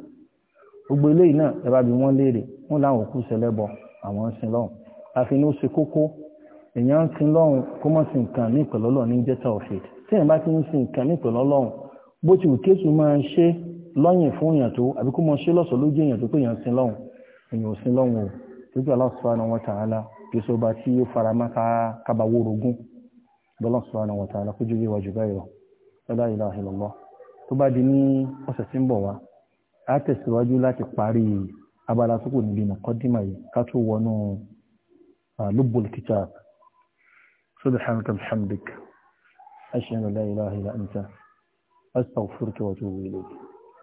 S1: gbogbo eléyìí náà ẹ bá bi wọ́n léèrè wọ́n láwọn òkú sẹlẹ́bọ àwọn ń sin lọ́hùn àfi ó ṣe kókó èèyàn ń sin lọ́hùn kó mọ̀ sí nǹkan ní ìpẹ̀lọ́lọ́ ní jẹ́ta òfin tí èèyàn bá ti ń sin nǹkan ní ìpẹ̀lọ́lọ́hùn bó ti wù kéṣù máa ń ṣe lọ́yìn fún èèyàn tó àbí kó mọ ṣe lọ́sọ̀ lójú èèyàn tó pé èèyàn sin lọ́hùn èèyàn ò sin lọ́hùn o lójú Allah subhanahu wa ta'ala kì í sọ bá tí ó fara má kábàwó rogún Allah subhanahu wa ta'ala kójú yé wa jù báyìí lọ la ilaha illallah tó bá di ní ọ̀sẹ̀ tí ń bọ̀ wá á tẹ̀síwájú láti parí abala tó kù níbi muqaddima yìí ká tó wọnú lubbul kitab subhanaka wa bihamdik ashhadu an la ilaha illa anta astaghfiruka wa atubu ilayk